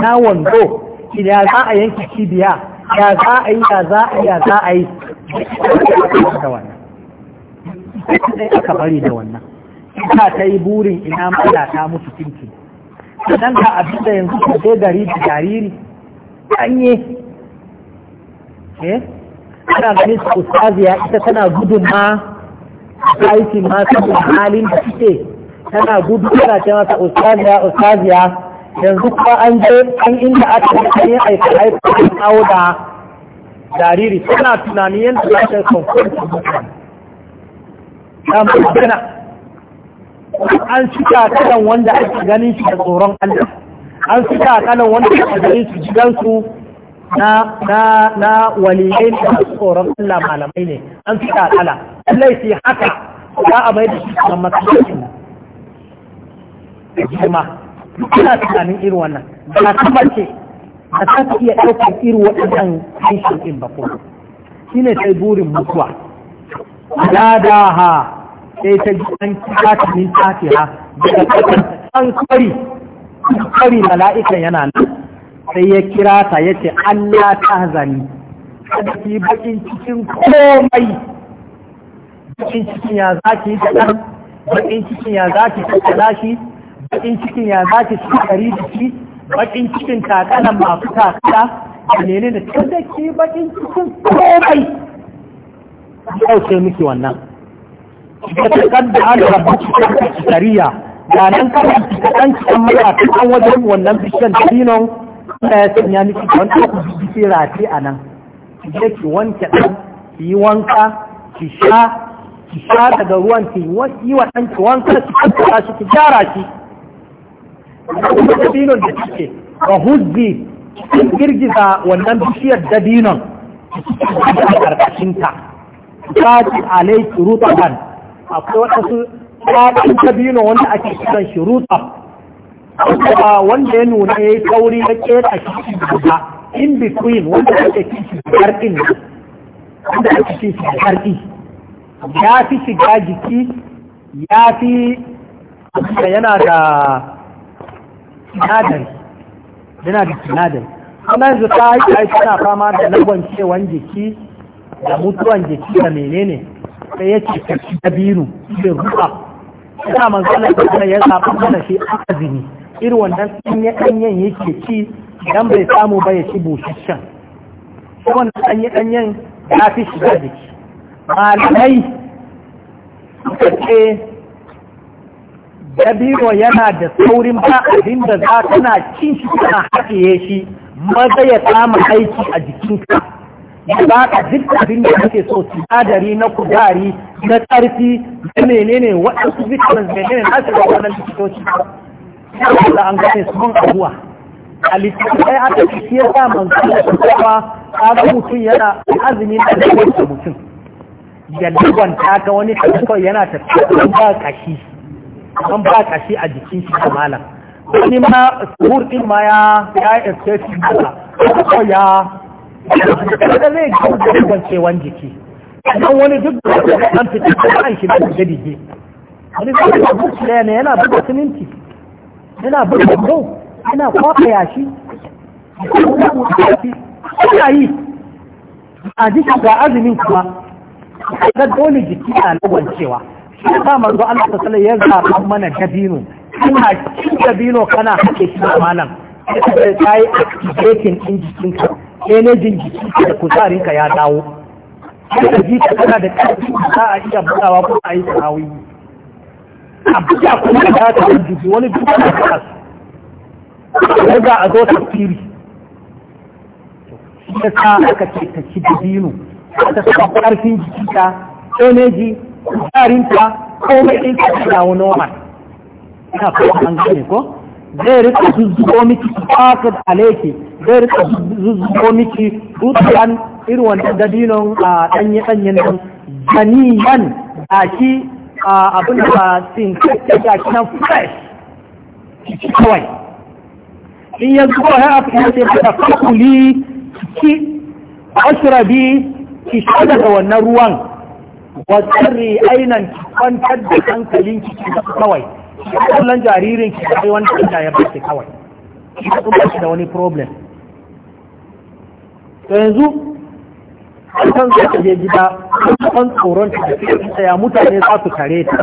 na wando ya za a yanke cibiya ya za a yi ya za a yi ya za a yi da wannan aka bari da wannan ita ta yi burin ina mala ta mutu kinki sannan ka abin da yanzu ka je gari da jariri anye eh ana ganin su ustaziya ita tana gudun ma aiki ma saboda halin da suke tana gudu tana ce masa ustaziya ustaziya yanzu kuma an je an inda aka yi an yi aika aika an kawo da jariri tana tunanin yanzu za ta yi kwamfuta mutane ta magana an cika kalan wanda ake ganin shi da tsoron Allah an cika kalan wanda ake ganin su gidansu na waliyai da tsoron Allah malamai ne an fi kakala Su sai haka za a bayar da shi kan jima. girma ina tunanin irin wannan ba ta mace ba za ta iya ɗaukar irin waɗannan aikin ɗin ba ko shi ne sai burin mutuwa ya da ha sai ta ji an kira ta min tafiya daga ƙasar an kwari kwari mala'ikan yana nan sai ya kira ta ya ce Allah ta zani kada ki bakin cikin komai bakin cikin ya za ki da ɗan bakin cikin ya za ki tattala shi bakin cikin ya za ki kari da shi bakin cikin ta takalan masu takala da nene da kada ki bakin cikin komai yau sai miki wannan da ta kadda an rabu cikin shekariya da nan kawai cikin kan cikin mara ta wajen wannan bishiyar dinon Allah ya sanya miki wanda ku ji rafi a nan ki je ki wanke dan ki yi wanka ki sha ki sha daga ruwan ki yi wa dan ki wanka ki ta shi ki gyara shi kuma dabinon da kike ka huzzi ki girgiza wannan bishiyar dabinon a karkashin ta kaji alaiki rutaban akwai wasu ɗaɗin dabino wanda ake kiran shi ba wanda ya nuna ya yi kauri ya keta kishi guda in between wanda ake kishi har wanda ake kishi har ya fi shiga jiki ya fi yana da sinadari yana da sinadari kuma yanzu ta yi kai tana fama da cewan jiki da mutuwan jiki da menene sai ya ce kashi da biyu da ruwa ina da kuma ya zaɓa mana shi azumi irin wannan ɗanye ɗanyen yake ci idan bai samu ba ya ci busasshen shi wanda ɗanye ɗanyen ya fi shiga jiki malamai suka ce dabiro yana da saurin ba abin da za kana cin shi kana haɗiye shi maza ya samu aiki a jikinka ya ba ka duk abin da kake so sinadari na kudari na ƙarfi na menene waɗansu vitamins menene na shiga wannan likitoci da an gane su mun abuwa a littattafai aka ci shi yasa manzo da kuma kaga mutum yana azumi da da mutum ya dubanta ga wani kawai yana tafiya an ba kashi an ba kashi a jikin shi da malam wani ma suhur din ma ya ya escape da ko ya da zai ga dubancewan jiki dan wani duk da an fitar an shi da dige wani zai ga duk da yana buga siminti yana bin kwando yana kwafa yashi yana yi a jiki ga azumin kuma ga dole jiki na cewa. shi ta manzo Allah ta sallallahu ya zaɓa mana dabino kuma cin dabino kana hake shi da malam sai ta yi activating din jikinka enejin jiki da kuzarinka ya dawo sai ka ji kana da ƙarfi za a iya buɗawa ko a yi tarawih abuja kuma da ta jiki wani duk da ta su ga a zo tafsiri shi ya sa aka ce ta ci dabino ta sa ƙarfin jiki jikinta energy kuzarinta komai ɗin ta ta dawo normal Ta kuma an gane ko zai rika zuzzuko miki tafakar alaiki zai rika zuzzuko miki dutsen irin wannan dabinon a ɗanye-ɗanyen nan janiyan baki abin da ba tsinkakke ga kinan fresh kawai in ya zuwa ya afi ya ce da kakuli ki ashrabi ki sha daga wannan ruwan wa tsarri ainan ki kwantar da hankalin ki kawai kullun jaririn ki kai wani kinda ya bace kawai ki ba da wani problem yanzu kan zai ta je gida kan tsoron ta ta ya mutane za su kare ta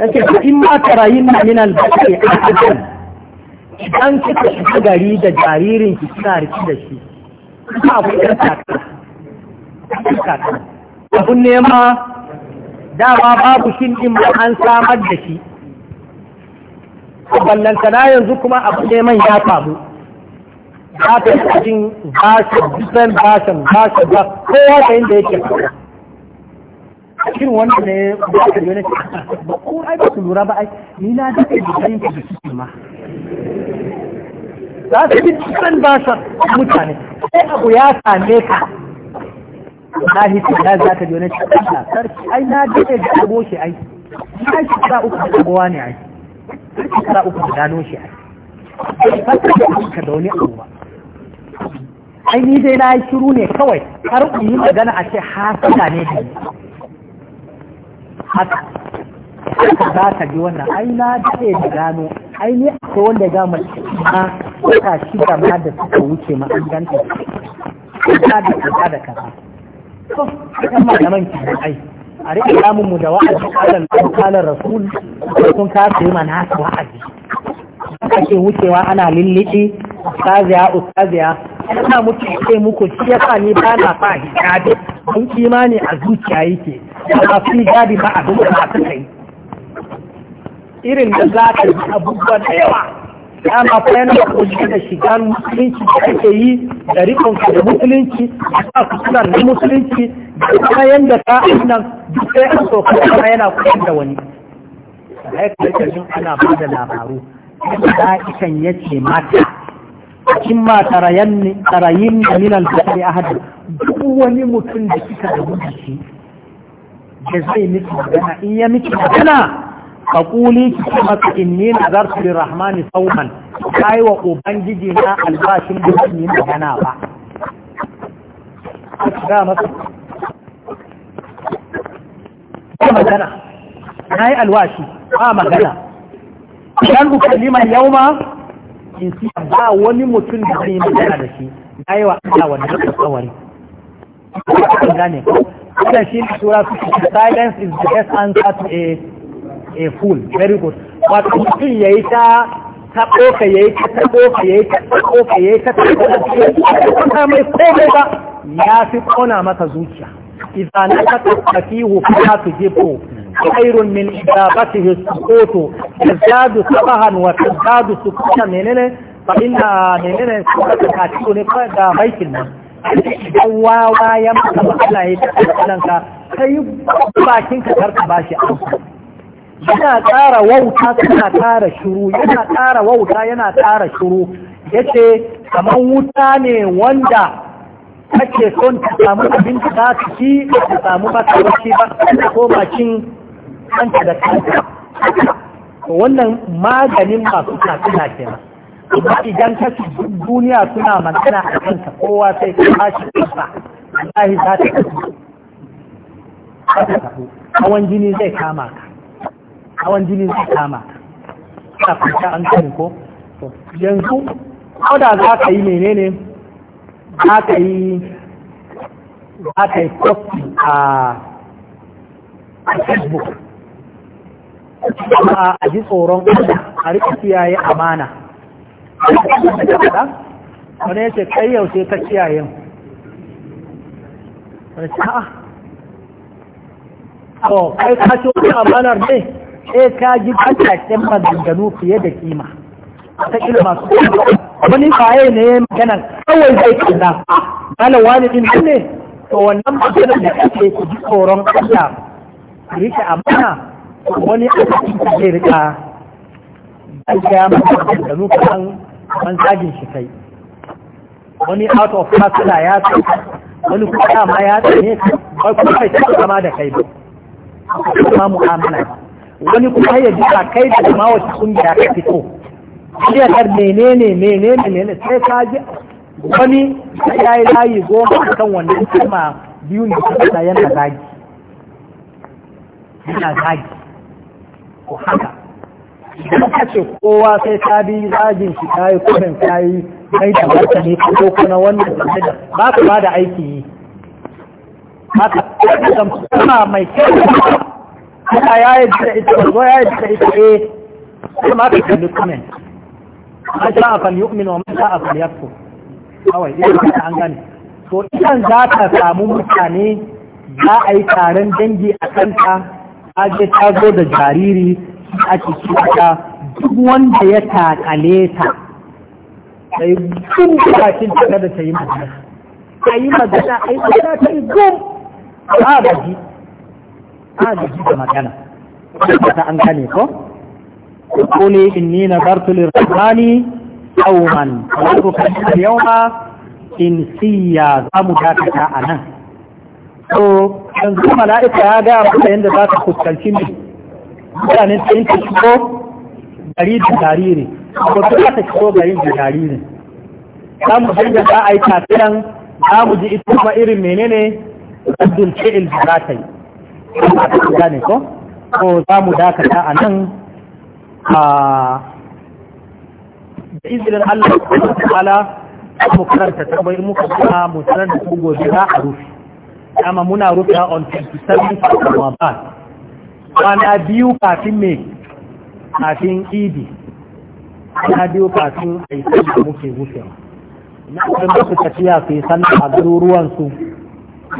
yake ta in ma ta rayu na da albashi ke cikin idan kika shiga gari da jaririn ki kina riki da shi kuma abu ɗan takar abun nema dama babu shi in ma an samar da shi ballantana yanzu kuma abu neman ya faru za ka yi cikin bashin bisan bashin bashin ba kowa da inda yake cikin wanda ne ba ka yi ba ko ai ba su lura ba ai ni na da kai da kayan da suke ma za su bi bisan bashin mutane sai abu ya same ka na hisi na za ka yi wani cikin na sarki ai na da kai da aboki ai na shi kara uku da abuwa ne ai na shi kara uku da gano shi ai ba ta da wani abu ba ai ni dai na yi shiru ne kawai har ku yi magana a ce hasada ne ne haka haka za ka ji wannan ai na daɗe da gano ai ne akwai wanda ga mu ma shi da ma da suka wuce ma an ganta ta da kaza da kaza to kan malaman ki ai a rike samun mu da wa'azi kalan kalan rasul sun kasa yi mana haka wa'azi ake wucewa ana lilliɗi ustaziya ustaziya ina muke ce muku shi sa ni ba na fa hijabi mun imani a zuciya yake amma su hijabi ba abin da ba suka yi irin da za ka yi abubuwa da yawa ya ma fa yana da shiga musulunci da ake yi da rikon ka da musulunci da sa ku suna na musulunci da kuma yadda ka nan duk sai an so kuma yana kuɗi da wani da haka ana ba da labaru da isan yace mata imma tarayanni tarayin min al-bahri ahad duk wani mutum da kika gabu da shi da zai miki magana in ya miki magana ka kuli ki ce masa inni nazartu lirrahmani sauman kai wa ubangiji na albashin da yi magana ba ga masa ba magana na yi alwashi ba magana idan ku kalli mai yau ma jinsiya ba wani mutum da zai magana da shi na yi wa Allah wannan alƙawari kan shi ne is the best answer to a mutum yayi ta ta koka ta ta mai komai ba ya fi ƙona maka zuciya idan ka خير من إجابته السقوط تزداد سبها وتزداد سكوتا منين فإن منين سكوتا كاتبون دا بيت المن wawa ya maka matsala ya ta kanka sai bakin ka karka bashi a yana ƙara wauta yana ƙara shuru yana ƙara wauta yana ƙara shuru yace kamar wuta ne wanda ake son ka samu abinci za ka ci ka samu ba wacce ba ko ba cin kanta da kanta wannan maganin masu kafina kenan ba idan ka ci duniya suna magana a kanta kowa sai ka bashi kansa wallahi za ta kasu hawan jini zai kama ka hawan jini zai kama ka ta fita an kani ko yanzu ko da za ka yi menene za ka yi za ka yi kofi a facebook jama'a a ji tsoron a rika kiyaye amana wani ya ce kai yaushe ka kiyaye wani ce a'a Ko kai ka ce wani amanar ne Sai eh, ka ji kakakken maganganu fiye da kima ta ilma su wani faye ne ya magana kawai zai kina ala wani din ne to wannan maganar da ake ku ji tsoron Allah rike amana wani aka cikin zai rika an gaya masa da nuka an an zagin shi kai wani out of fasila ya ce wani kuma ma ya ce ne wai kuma kai ta kama da kai ba kuma mu'amala ba wani kuma ya ji a kai da kuma wata kungiya ka fito kungiyar menene menene menene sai ka ji wani ya yi layi goma a kan wannan kalma biyu ne kuma yana zagi yana zagi ku haka idan ka ce kowa sai ta bi zagin shi ta yi kudin ta yi kai da wata ne ko koko na wannan da ba ka ba da aiki yi ba haka kan kuma mai kyau ba kuma ya yi da ita ba ya yi da ita eh kuma ka kalli comment ma sha a fal yu'min wa ma sha a fal yakfur kawai idan an gane to idan za ka samu mutane za a yi taron dangi a kanta ta zo da jariri a cikin ta duk wanda ya takale ta ta yi gum bakin taga da ta yi magana ta yi magana a yi magana ta yi gum ta gaji ta gaji da magana ta ta an gane ko kuli inni na bartulir rahmani sauman wani kukan yau ma in siya za mu dakata anan. to yanzu mala'ika ya gaya maka yadda za ta fuskanci ne mutanen tsayin ta shigo gari da jariri ko ta ta shigo garin da jariri za mu hanya za a yi tafiyan za mu ji ita kuma irin menene abdul fi'il da za ta yi za ta shiga ne ko ko za mu dakata a nan a da izinin Allah subhanahu wa ta'ala mu karanta tambayi muka kuma mu sanar da gobe za a rufe kiyama muna rufe on 27 Ramadan kwana biyu kafin me kafin idi kwana biyu kafin aikin da muke rufe na akwai masu tafiya su san a garuruwan su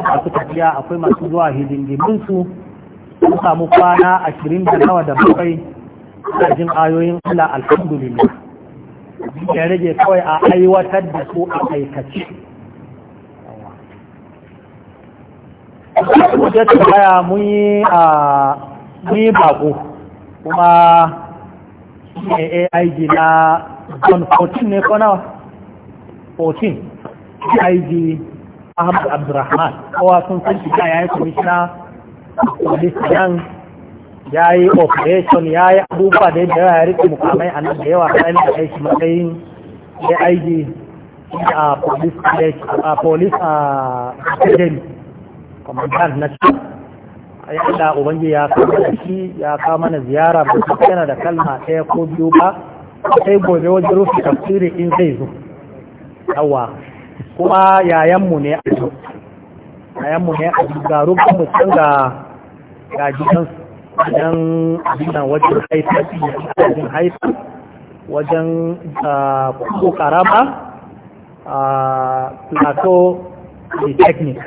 masu tafiya akwai masu zuwa hidindimin su sun samu kwana ashirin da nawa da bakwai a jin ayoyin Allah alhamdulillah ya rage kawai a aiwatar da su a aikace wata tambaya mun yi a ni bako kuma ne aig na john 14 ne ko 14 aig ahmad abdurrahman kowa sun san ya yi commissioner police nan ya yi operation ya yi abubuwa da yadda ya riƙe mukamai a nan da yawa kayan da aiki matsayin aig a police academy kwamantar na ci a yadda ubangi ya kama da shi ya kama na ziyara ba su yana da kalma ɗaya ko biyu ba sai gobe wajen rufe tafsiri in zai zo yawa kuma yayanmu ne a zo yayanmu ne a ga rubin mutum ga gajikansu wajen abinan wajen haifar wajen haifar wajen kuku karama a plateau polytechnic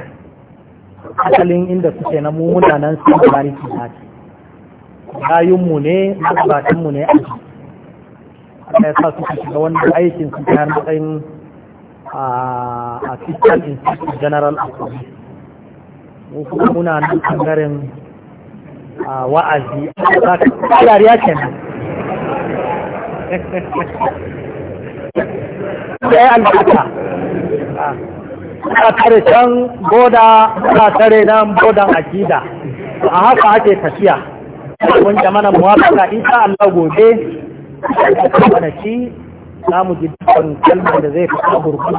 asalin inda suke na mummunan sinimani kinati mu ne matsabatan mu ne a Allah ya sa su shiga wani aikin su ta matsayin a fiscal institute general of mu kuma muna nan ɓangaren wa'azi za ka tsariya kenan ya yi albarka a tare can boda a tare nan bodan akida a haka ake tafiya mun jama na muwafaka Allah gobe da da zai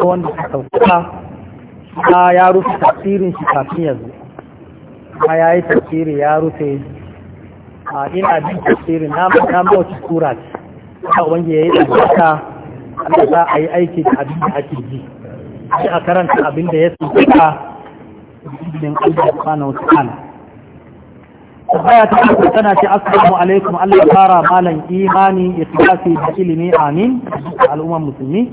wanda ta sauka ya rufe tafsirin shi kafin yanzu ma ya yi tafsiri a ina bin na aiki da abin da ji sai a karanta abin da ya tsuka bin Allah subhanahu wa baya ta tana ce assalamu alaikum Allah ya fara malan imani ikhlasi da ilimi amin al'umman musulmi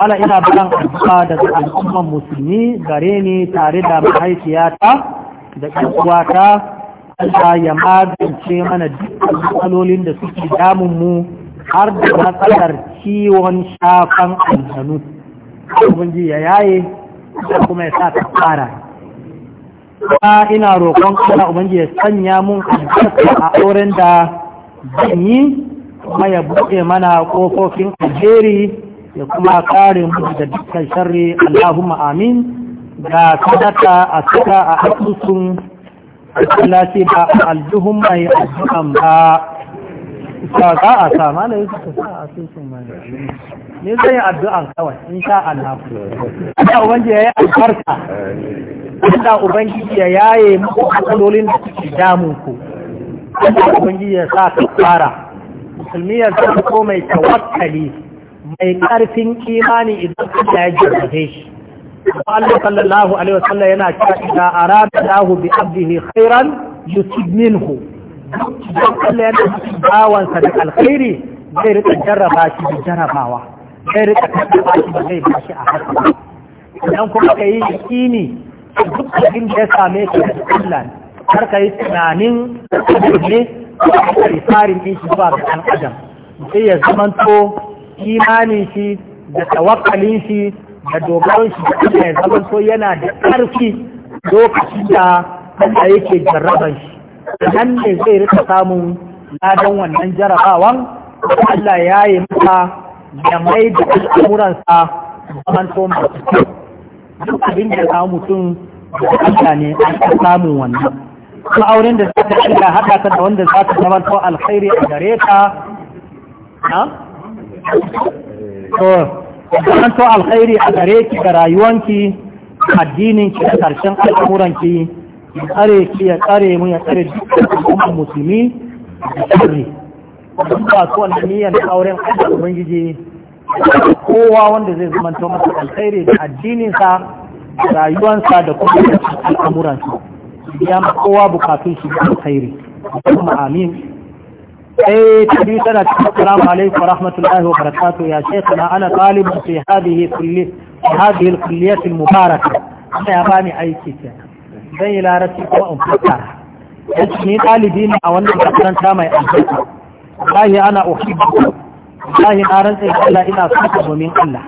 ala ina bayan addu'a daga al'umman musulmi gare ni tare da mahaifiyata da ƴan uwata Allah ya magance mana dukkan matsalolin da suke damun mu har da matsalar ciwon shafan aljanu ubangiji ya yaye kuma ya sa ta fara ba ina roƙon Allah ubangiji ya sanya mun albarka a auren da zan yi kuma ya buɗe mana ƙofofin alheri ya kuma kare mu da dukkan sharri Allahumma amin ga kadata a saka a asusun Allah ce ba aljihun mai addu'an ba ba za a sa malaye suka sa a sosin malaye ne zai yi addu'an kawai in sha Allah Allah ubangiji ya yi albarka Allah ubangiji ya yaye muku matsalolin da suke damun ku Allah ubangiji ya sa ka fara musulmi ya zama ko mai tawakkali mai karfin imani idan Allah ya ji jarrabe shi Allah sallallahu alaihi wasallam yana cewa idza arada lahu bi abdihi khairan yusib minhu don Allah yana cikin bawansa da alkhairi zai rika jarraba shi da jarrabawa zai rika karɓa shi da zai bashi a haka idan kuma ka yi yaƙini duk abin da ya same ka da Allah har ka yi tunanin ne a yi ɗin shi zuwa ga ɗan adam sai ya zamanto imanin shi da tawakkalin shi da dogaron shi da ya zamanto yana da ƙarfi lokacin da Allah yake jarraban shi hannun ne zai rika samun ladan wannan jarabawan Allah ya yi masa ya mai da al'amuransa zaman to masu duk abin da samu mutum da Allah ne an ka samun wannan kuma auren da za ta shiga haɗa ta da wanda za ta zaman to alkhairi a gare ka to zaman to alkhairi a gare ki ga rayuwanki addininki da karshen al'amuranki ya ki ya tsare mu ya tsare dukkan musulmi da sirri don ba wannan auren Allah ubangiji kowa wanda zai zama to masa alkhairi da addininsa rayuwansa da kuma al'amuransa ya ma kowa bukatun shi da alkhairi kuma amin اي تبي سنة السلام عليكم ورحمة ya وبركاته يا شيخنا انا طالب في ya كلية هذه الكلية المباركة انا ya bani aiki كتاب zai yi larabci kuma in fassara yace ni ɗalibi ne a wannan makaranta mai albarka wallahi ana uhibbu wallahi na rantsa da Allah ina son ka domin Allah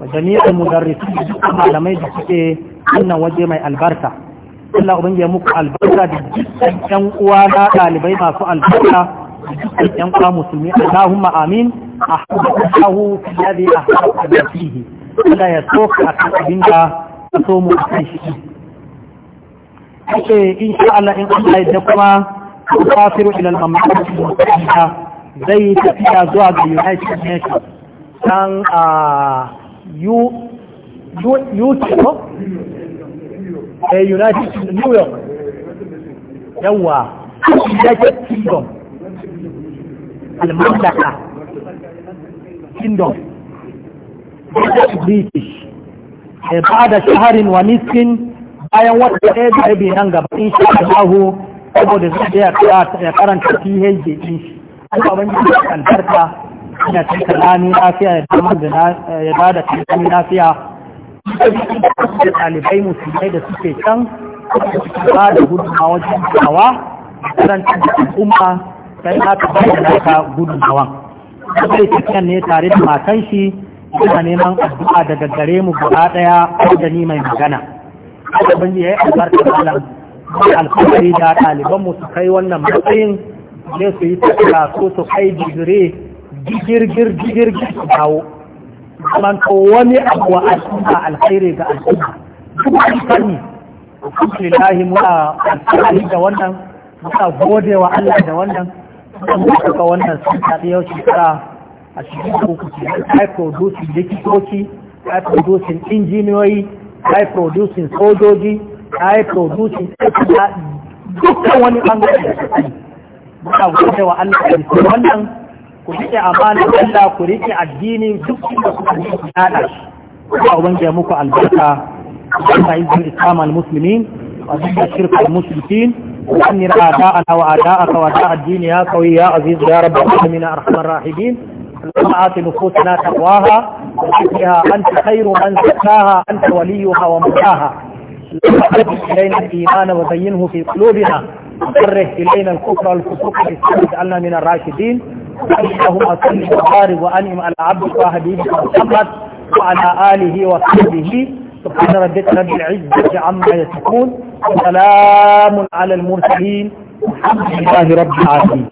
wa jami'ul mudarrisin dukkan malamai da suke wannan waje mai albarka Allah ubangiji muku albarka da dukkan ƴan uwa na ɗalibai masu albarka da dukkan ƴan uwa musulmi Allahumma amin ahdahu fi alladhi ahdahu fihi Allah ya soka akan abinda so mu kai shi In insha Allah in Allah ya kuma kafiru ila al mamlakati al-mutahida zai tafiya zuwa ga United Nations dan a ah, U UK ko eh, United New York yawa United Kingdom al-mamlaka Kingdom British eh, da ba بعد wa ونصف bayan wata ɗaya da rabi nan gaba in sha Allahu saboda zai ya karanta PhD din shi Allah ban yi kantarta ina cika kalami lafiya ya damar da ya ba da kalami lafiya da ɗalibai musulmai da suke can ba da gudunmawa wajen kawa karanta da al'umma sai aka bayyana naka gudunmawan zai cikin ne tare da matan shi yana neman addu'a daga gare mu gaba ɗaya da ni mai magana ya yi albarkar albarka a alfahari da ɗaliban mu su kai wannan matsayin ne su yi tattara ko su kai digire digirgir digirgir su dawo man ko wani abu a al'umma alkhairi ga al'umma duk wani fanni alhamdulillah muna alfahari da wannan muna gode wa Allah da wannan muna suka wannan sun tafi yau shekara a cikin kuku ce ai producing likitoci ai producing injiniyoyi ai producing sojoji ai producing dukkan wani bangare da su muna gode wa Allah da su wannan ku rike amanar Allah ku rike addini duk da kuka yi ku yada shi kuma ubangiji muku albarka Allah yi zuwa islam al wa zuwa shirka al-mushrikin وأن أعداءنا وأعداءك وأعداء الدين يا قوي يا عزيز يا رب العالمين أرحم الراحمين اللهم آت نفوسنا تقواها فيها أنت خير من زكاها أنت وليها ومولاها فقرب إلينا الإيمان وزينه في قلوبنا وكره إلينا الكفر والفسوق والإسلام اجعلنا من الراشدين اللهم صل وبارك وأنعم على عبدك وحبيبك محمد وعلى آله وصحبه سبحان ربك رب العزة عما يصفون وسلام على المرسلين الحمد لله رب العالمين